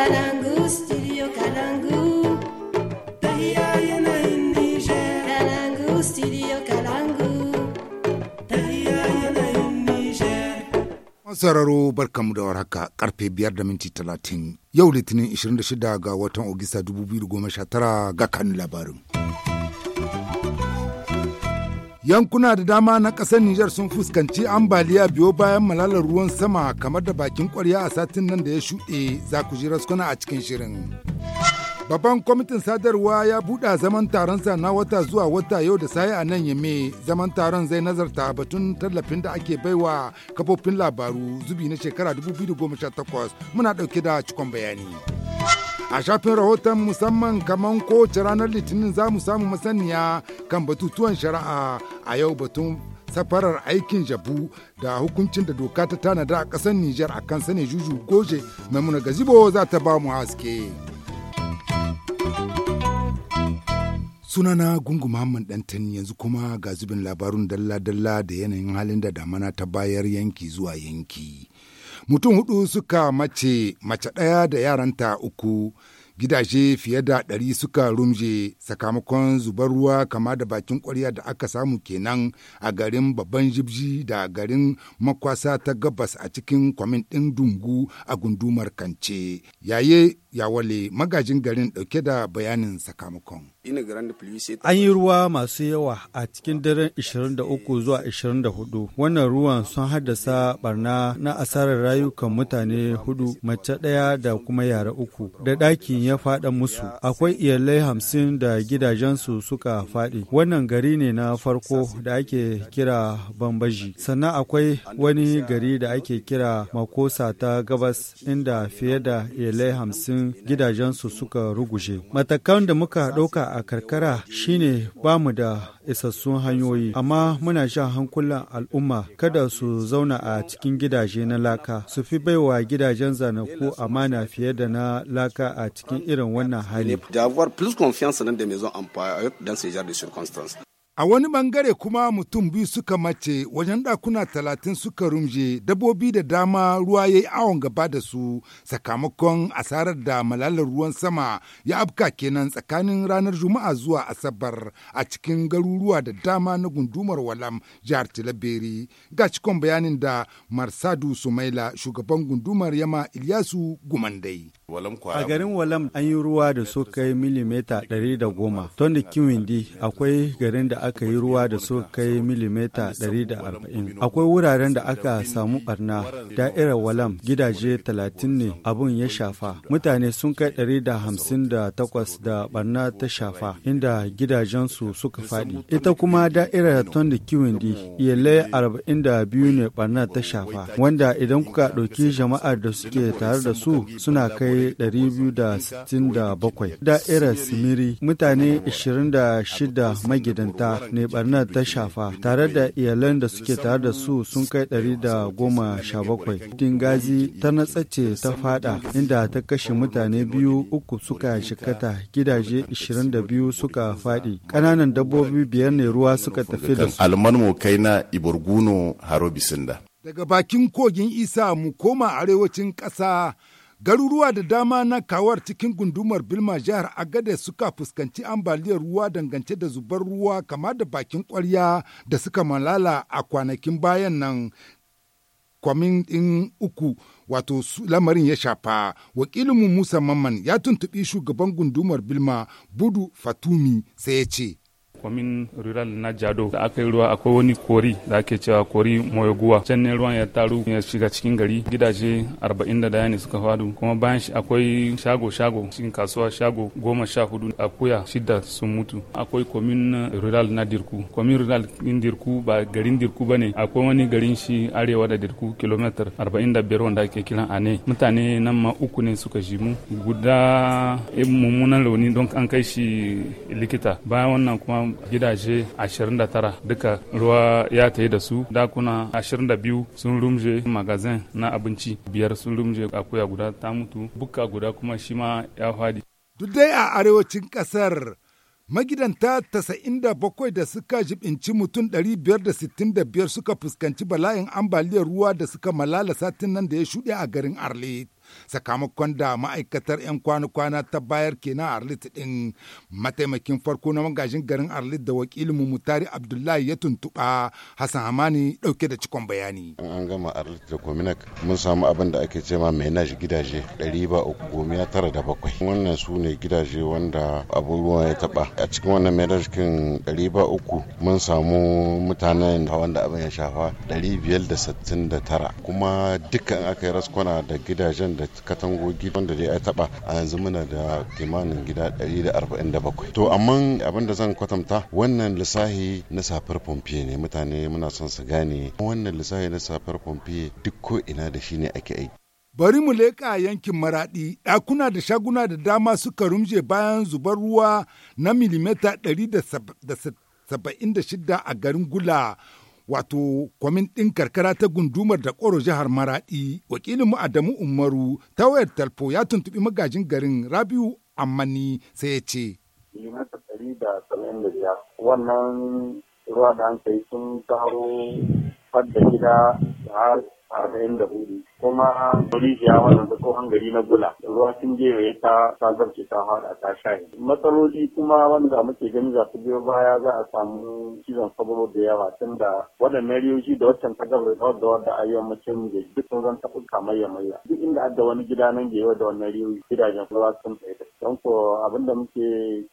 Kalangu, studio Kalangu. yana Kalangu, studio barkamu da warhaka karfe biyar da minti talatin. Yau Litinin 26 ga watan Ogista 2019 ga kan labarin. Yankuna da dama na ƙasar Nijar sun fuskanci ambaliya biyo bayan malalar ruwan sama kamar da bakin kwarya a satin nan da ya shuɗe za ku ji raskuna a cikin shirin. Babban kwamitin sadarwa ya buɗa zaman taronsa na wata zuwa wata yau da sai a nan yame zaman taron zai nazarta batun tallafin da ake baiwa kafofin labaru zubi na shekara 2018 muna ɗauke da cikon bayani. a shafin rahoton musamman kamar kowace ranar litinin za mu samu masaniya kan batutuwan shari'a a yau batun safarar aikin jabu da hukuncin da doka ta tanada a ƙasar Nijar a kan sani juju goje maimuna gazibo za ta ba mu haske. Sunana Gungu Muhammad Dantan yanzu kuma ga zubin labarun dalla-dalla da yanayin halin da damana ta bayar yanki zuwa yanki. mutum hudu suka mace mace ɗaya da yaranta uku gidaje fiye da ɗari suka rumje sakamakon zubar ruwa kama da bakin ƙwarya da aka samu kenan a garin babban jibji da garin makwasa ta gabas a cikin kwamin ɗin dungu a gundumar kance yaye yawale magajin garin ɗauke da bayanin sakamakon An yi ruwa masu yawa a cikin daren 23 zuwa 24. Wannan ruwan sun haddasa barna na asarar rayukan mutane hudu, mace ɗaya da kuma yara uku, da ɗakin ya faɗa musu. Akwai iyalai hamsin da gidajensu suka faɗi. Wannan gari ne na farko da ake kira Bambaji. Sannan akwai wani gari da ake kira Makosa ta gabas inda fiye da iyalai hamsin gidajensu suka ruguje. Matakan da muka ɗauka a karkara shine ba mu da isassun hanyoyi, amma muna shan hankulan al'umma kada su zauna a cikin gidaje na laka, su fi baiwa gidajen zanaku amana fiye da na laka a cikin irin wannan hali. A wani bangare kuma mutum biyu suka mace wajen ɗakuna talatin suka rumje dabbobi da dama ruwa ya yi awon gaba da su sakamakon asarar da malalar ruwan sama ya afka kenan tsakanin ranar Juma'a zuwa Asabar a cikin garuruwa da dama na gundumar Walam jihar Tilaberi. Ga cikon bayanin da Marsadu Sumaila shugaban gundumar Yama Ilyasu Gumandai. A garin Walam an yi ruwa da su kai milimeta 110. Ton da Kiwindi akwai garin da aka yi ruwa da su kai milimeta 140. Akwai wuraren da aka samu barna da'irar Walam gidaje 30 ne abun ya shafa. Mutane sun kai 158 da barna ta shafa inda gidajensu suka faɗi. Ita kuma da'ira Ton da Kiwindi iyalai 42 ne barna ta shafa wanda idan kuka ɗauki jama'ar da suke tare da su suna kai 267 da da'irar simiri mutane 26 magidanta ne barnar ta shafa tare da iyalan da suke tare da su sun kai 117 dingazi ta natsace ta fada inda ta kashe mutane biyu uku suka shikata gidaje 22 suka fadi ƙananan dabbobi biyar ne ruwa suka tafi da su mu kai na haro bisinda daga bakin kogin isa mu koma arewacin ƙasa Garuruwa da dama na kawar cikin gundumar Bilma jihar Agade suka fuskanci ambaliyar ruwa dangance da zubar ruwa kama da bakin kwarya da suka malala a kwanakin bayan nan kwamin ɗin uku wato lamarin ya shafa wakilinmu Musa Mamman ya tuntuɓi shugaban gundumar Bilma Budu Fatumi sai ya ce. kwamin rural na jado da aka yi ruwa akwai wani kori da ake cewa kori moyoguwa can ne ruwan ya taru ya shiga cikin gari gidaje 41 ne suka fadu kuma bayan shi akwai shago shago cikin kasuwa shago goma sha hudu akuya shida sun mutu akwai kwamin rural na dirku kwamin rural in dirku ba garin dirku ba ne akwai wani garin shi arewa da dirku kilomitar 45 wanda ake kiran ane mutane nan ma uku ne suka jimu guda eh, mummunan rauni don an kai shi likita bayan wannan kuma gidaje 29 duka ruwa ya tayi da su dakuna 22 sun rumje magazin na abinci biyar sun rumje akuya guda ta mutu bukka guda kuma shi ma ya fadi duk dai a arewacin kasar magidanta 97 da suka jibinci mutum 565 suka fuskanci bala'in ambaliyar ruwa da suka malala satin nan da ya shuɗe a garin arlit sakamakon da ma'aikatar 'yan kwana-kwana ta bayar ke na arlit din mataimakin farko na magajin garin arlit da wakilin mu mutari abdullahi ya tuntuɓa hassan hamani ɗauke da cikon bayani an gama arlit da gominak mun samu abin da ake cema menage gidaje ɗari ba uku gomiya tara da bakwai wannan su ne gidaje wanda abubuwan ya taɓa a cikin wannan menage kin ɗari ba uku mun samu mutanen wanda abin ya shafa ɗari biyar da sittin da tara kuma dukkan aka yi raskwana da gidajen da katangogi wanda dai ya taba a yanzu muna da kimanin gida 147 to amma abin da zan kwatanta wannan lissahi na safar pompiye ne mutane muna son su gane wannan lissahi na safar pompiye duk ko ina da shi ne ake aiki bari mu leƙa yankin maraɗi ɗakuna da shaguna da dama suka rumje bayan zubar ruwa na milimeta 176 a garin gula wato kwamin ɗin karkara ta gundumar da ƙoro jihar Maraɗi, wakilin mu Adamu Umaru ta wayar talfo ya tuntuɓi magajin garin Rabiu amani sai ya ce. da wannan ruwa da an kai sun taro har da gida har kuma rijiya wadanda tsohon gari na gula ruwa sun je ta sagar ta hada ta shaye matsaloli kuma wanda muke gani za su biyo baya za a samu cizon saburo da yawa tun da waɗannan riyoji da waccan ta gabar da wadda wadda a yammacin da duk sun zan taɓa kamayya mayya duk inda adda wani gida nan yawa da wannan riyoji gidajen ruwa sun tsaye don ko abin da muke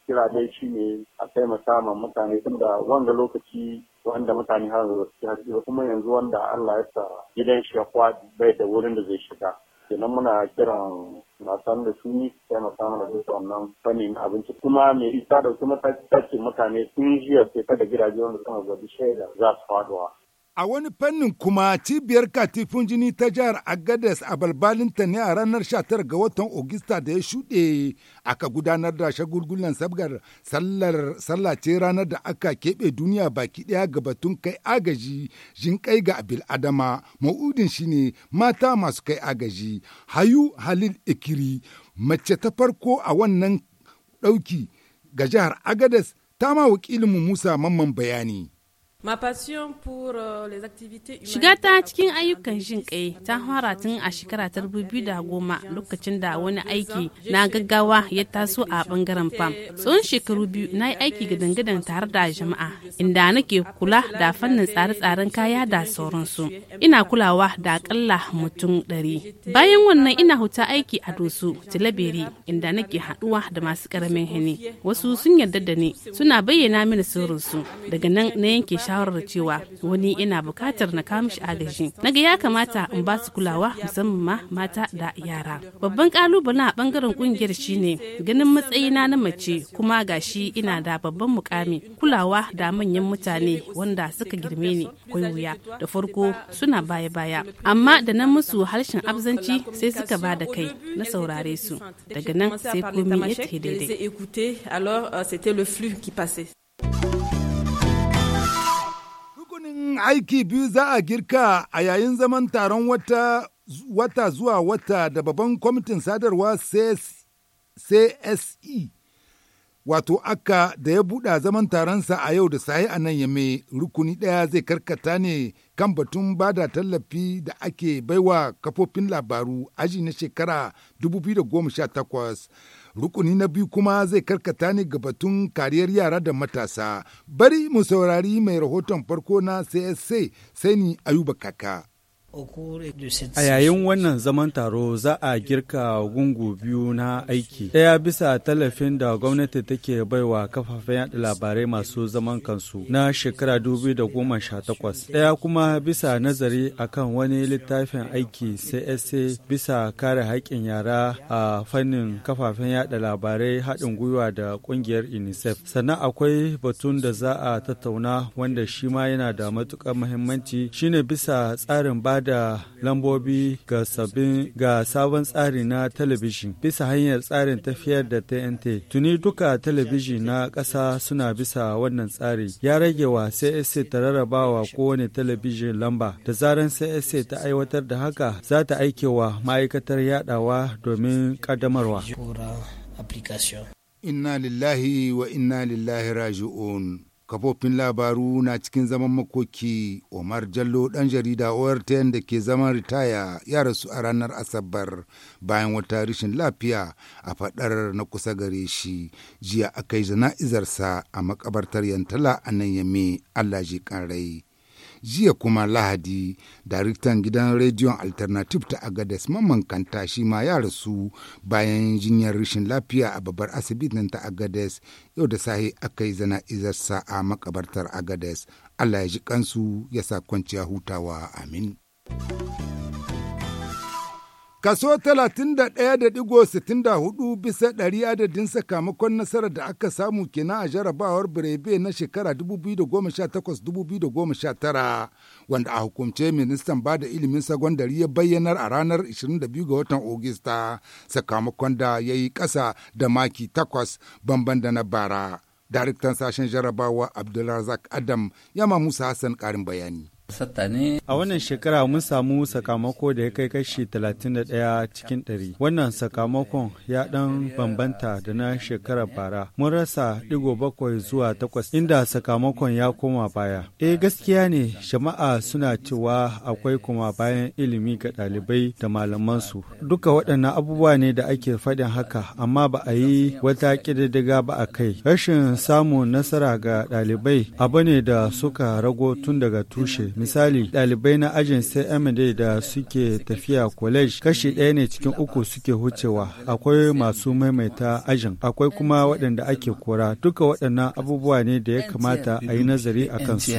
kira dai shine a kai musamman mutane tun da wanga lokaci wanda mutane har da su haji kuma yanzu wanda Allah ya sa gidan shi ya kwadi bai da wurin da zai shiga kenan muna kiran na san da su na taimaka da su wannan fannin abinci kuma me isa da kuma tace mutane sun jiya sai da gidaje wanda suna zabi shaida za su faduwa A wani fannin kuma cibiyar katifin jini ta jihar Agadez a balbalinta ne a ranar 19 ga watan Ogista da ya shuɗe aka gudanar da shagulgulan sabgar sallar ce ranar da aka keɓe duniya baki ɗaya ga batun kai agaji jin kai ga adama ma'udin shine mata masu kai agaji hayu halil ikiri mace ta farko a wannan ɗauki ga jihar Agadez ta ma wakilinmu Musa Mamman bayani. Euh, Shiga ta cikin ayyukan jin kai ta fara tun a shekara ta goma lokacin da wani aiki na gaggawa ya taso a bangaren fam. tsohon shekaru biyu na yi aiki gadangadan tare da jama'a inda nake kula da fannin tsare-tsaren kaya da sauransu. Ina kulawa da akalla mutum ɗari. Bayan wannan ina huta aiki a Dosu, Tilaberi inda nake haɗuwa da masu ƙaramin hini. Wasu sun yarda da ni suna bayyana mini sirrinsu daga nan na yanke shawarar cewa wani ina bukatar na kawo shi agaji ga ya kamata in ba su kulawa musamman ma mata da yara babban kalubale a bangaren kungiyar shine ganin matsayina na mace kuma gashi ina da babban mukami kulawa da manyan mutane wanda suka girme ni kai wuya da farko suna baya baya amma da nan musu harshen abzanci sai suka ba da kai na saurare su daga nan sai komi ya daidai aiki biyu za a girka a yayin zaman taron wata wata zuwa wata da babban kwamitin sadarwa CSE wato aka da ya buɗa zaman taronsa a yau da sahi a nan ya mai rukuni ɗaya zai karkata ne kan batun ba da tallafi da ake baiwa kafofin labaru aji na shekara 2018 Rukuni na biyu kuma zai karkata ne ga batun kariyar yara da matasa. Bari mu saurari mai rahoton farko na CSA Sani Ayuba Kaka. A yayin wannan zaman taro za a girka gungu biyu na aiki. Ɗaya bisa tallafin da gwamnati take baiwa kafafen yada labarai masu zaman kansu na shekara 2018. Ɗaya kuma bisa nazari akan wani littafin aiki CSA bisa kare haƙƙin yara a fannin kafafen yada labarai haɗin gwiwa da ƙungiyar UNICEF. Sannan akwai batun da za a tattauna wanda shi ma yana da matuƙar muhimmanci shine bisa tsarin bada da lambobi ga sabbin ga sabon tsari na talabijin bisa hanyar tsarin tafiyar da TNT. Tuni duka talabijin na ƙasa suna bisa wannan tsari. Ya rage wa CSC ta rarrabawa kowane talabijin lamba. Da zaran CSC ta aiwatar da haka za ta aikewa ma'aikatar yadawa domin ƙaddamarwa. Inna lillahi wa inna lillahi raji'un. kafofin labaru na cikin zaman makoki omar jallo ɗan jarida ortn da ke zaman ritaya ya rasu a ranar asabar bayan wata rashin lafiya a faɗar na kusa gare shi jiya aka yi jana'izarsa a makabartar yantala a nan yame allah ji kan rai jiya kuma lahadi daraktan gidan rediyon alternative ta agades mamman kanta shi ma ya rasu bayan jinyar rashin lafiya a babbar asibitin ta agades yau da sahi aka yi izarsa a makabartar agades allah ya ji kansu ya sa kwanciya hutawa amin Kaso 31.64 bisa ɗari adadin sakamakon nasarar da aka samu kenan a jarabawar Birebe na shekara 2018-2019 wanda a hukumce ministan ba da ilimin sagwandari ya bayyanar a ranar 22 ga watan Ogista sakamakon da ya yi ƙasa da maki takwas bamban da na bara. Daraktan sashen jarabawa Abdulrazak Adam ya Yama Musa Hassan ƙarin bayani. A wannan shekara mun samu sakamako da ya kai kashi 31 cikin ɗari. Wannan sakamakon ya ɗan bambanta da na shekarar bara. Mun rasa ɗigo bakwai zuwa takwas inda sakamakon ya koma baya. Eh gaskiya ne jama'a suna cewa akwai kuma bayan ilimi ga ɗalibai da malamansu. Duka waɗannan abubuwa ne da ake faɗin haka amma ba a yi wata ƙididdiga ba a kai. Rashin samun nasara ga ɗalibai abu ne da suka rago tun daga tushe. Misali, ɗalibai na ajin CMD da suke tafiya college kashi ɗaya ne cikin uku suke hucewa. Akwai masu maimaita ajin, akwai kuma waɗanda ake kora. Duka waɗannan abubuwa ne da ya kamata a yi nazari a kansu.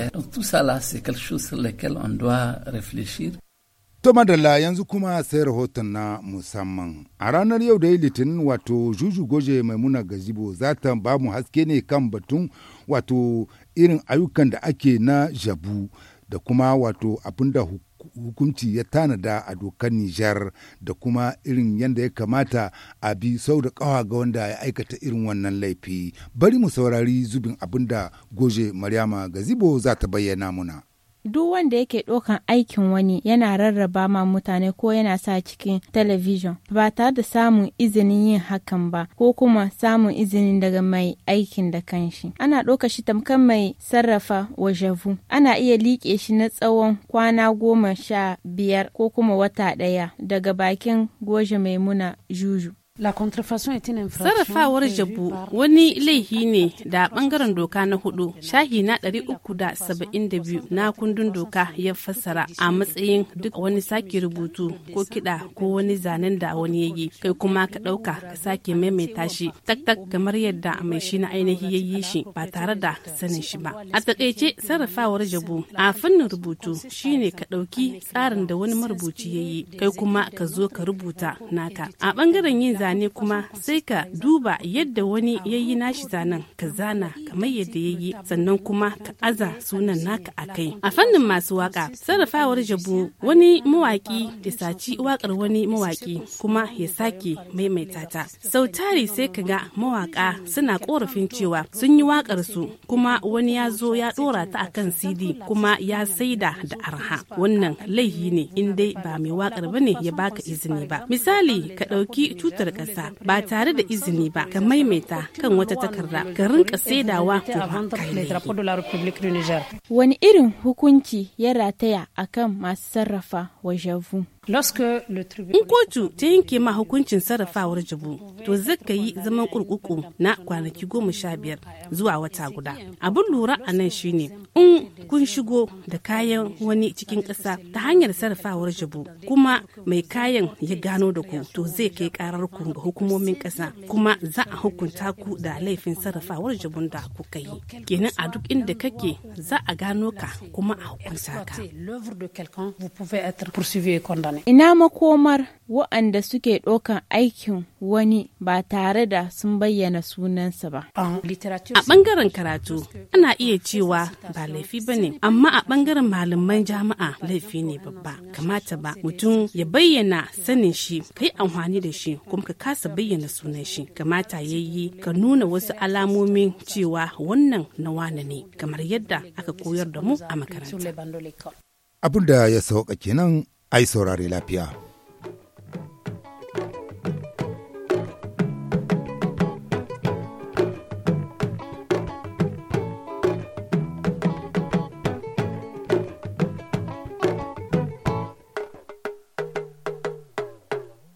To madalla yanzu kuma sai rahoton na musamman. A ranar yau da yi litinin wato Juju Goje Maimuna Gazibo zata ta ba mu haske ne kan batun wato irin ayyukan da ake na jabu da kuma wato abin da hukunci ya tanada a dokar Nijar da kuma irin yadda ya kamata a bi sau da kawa ga wanda ya aikata irin wannan laifi. Bari mu saurari zubin abin da goje Maryama Gazibo za ta bayyana muna. duk wanda yake ɗaukan aikin wani yana rarraba ma mutane ko yana sa cikin talabijin ba tare da samun izinin yin hakan ba ko kuma samun izinin daga mai aikin da kanshi ana ɗoka shi tamkar mai sarrafa wajevu. ana iya liƙe shi na tsawon kwana goma sha biyar ko kuma wata ɗaya daga bakin goje maimuna juju Sarrafawar jabu wani laifi ne da bangaren doka na hudu shahi na 372 na kundin doka ya fassara a matsayin duk wani sake rubutu ko kida ko wani zanen da wani yayi kai kuma ka dauka ka sake maimaita shi taktak kamar yadda mai shi na ainihi ya yi shi ba tare da sanin shi ba. A takaice sarrafawar jabu a fannin rubutu shine ka dauki tsarin da wani marubuci yayi kai kuma ka zo ka rubuta naka. A bangaren yin zane kuma sai ka duba yadda wani ya yi nashi zanen ka zana kamar yadda ya yi sannan kuma ka aza sunan naka a kai a fannin masu waka sarrafawar jabu wani mawaki ya saci wakar wani mawaki kuma ya sake maimaita ta sau tari sai ka ga mawaka suna korafin cewa sun yi wakar su kuma wani ya zo ya dora ta akan cd kuma ya saida da arha wannan laifi ne in dai ba mai wakar bane ya baka izini ba misali ka ɗauki tutar kasa ba tare da izini ba ka maimaita kan wata takarda ka rinka saidawa kuma wani irin hukunci ya rataya akan masu sarrafa wajen In kotu ta yanke ma hukuncin sarrafawar jibu, to zaka yi zaman kurkuku na kwanaki goma sha biyar zuwa wata guda. Abin lura a nan shine in kun shigo da kayan wani cikin ƙasa ta hanyar sarrafawar jibu kuma mai kayan ya gano da ku to zai kai karar ku ga hukumomin ƙasa kuma za a hukunta ku da laifin sarrafawar jubu da kuka yi. Kenan a duk inda kake za a gano ka kuma a hukunta ka. Ina makomar waɗanda suke ɗaukan aikin wani ba tare da sun bayyana sunansa ba. A ɓangaren karatu ana iya cewa ba laifi ba ne, amma a ɓangaren malaman jama'a laifi ne babba. Kamata ba mutum ya bayyana sanin shi, ka yi amfani da shi kuma ka kasa bayyana sunan shi. Kamata ya yi ka nuna wasu alamomin cewa wannan na wane ne, kamar yadda aka koyar da mu a makaranta. Abin da ya sauƙaƙe nan. ai saurare lafiya.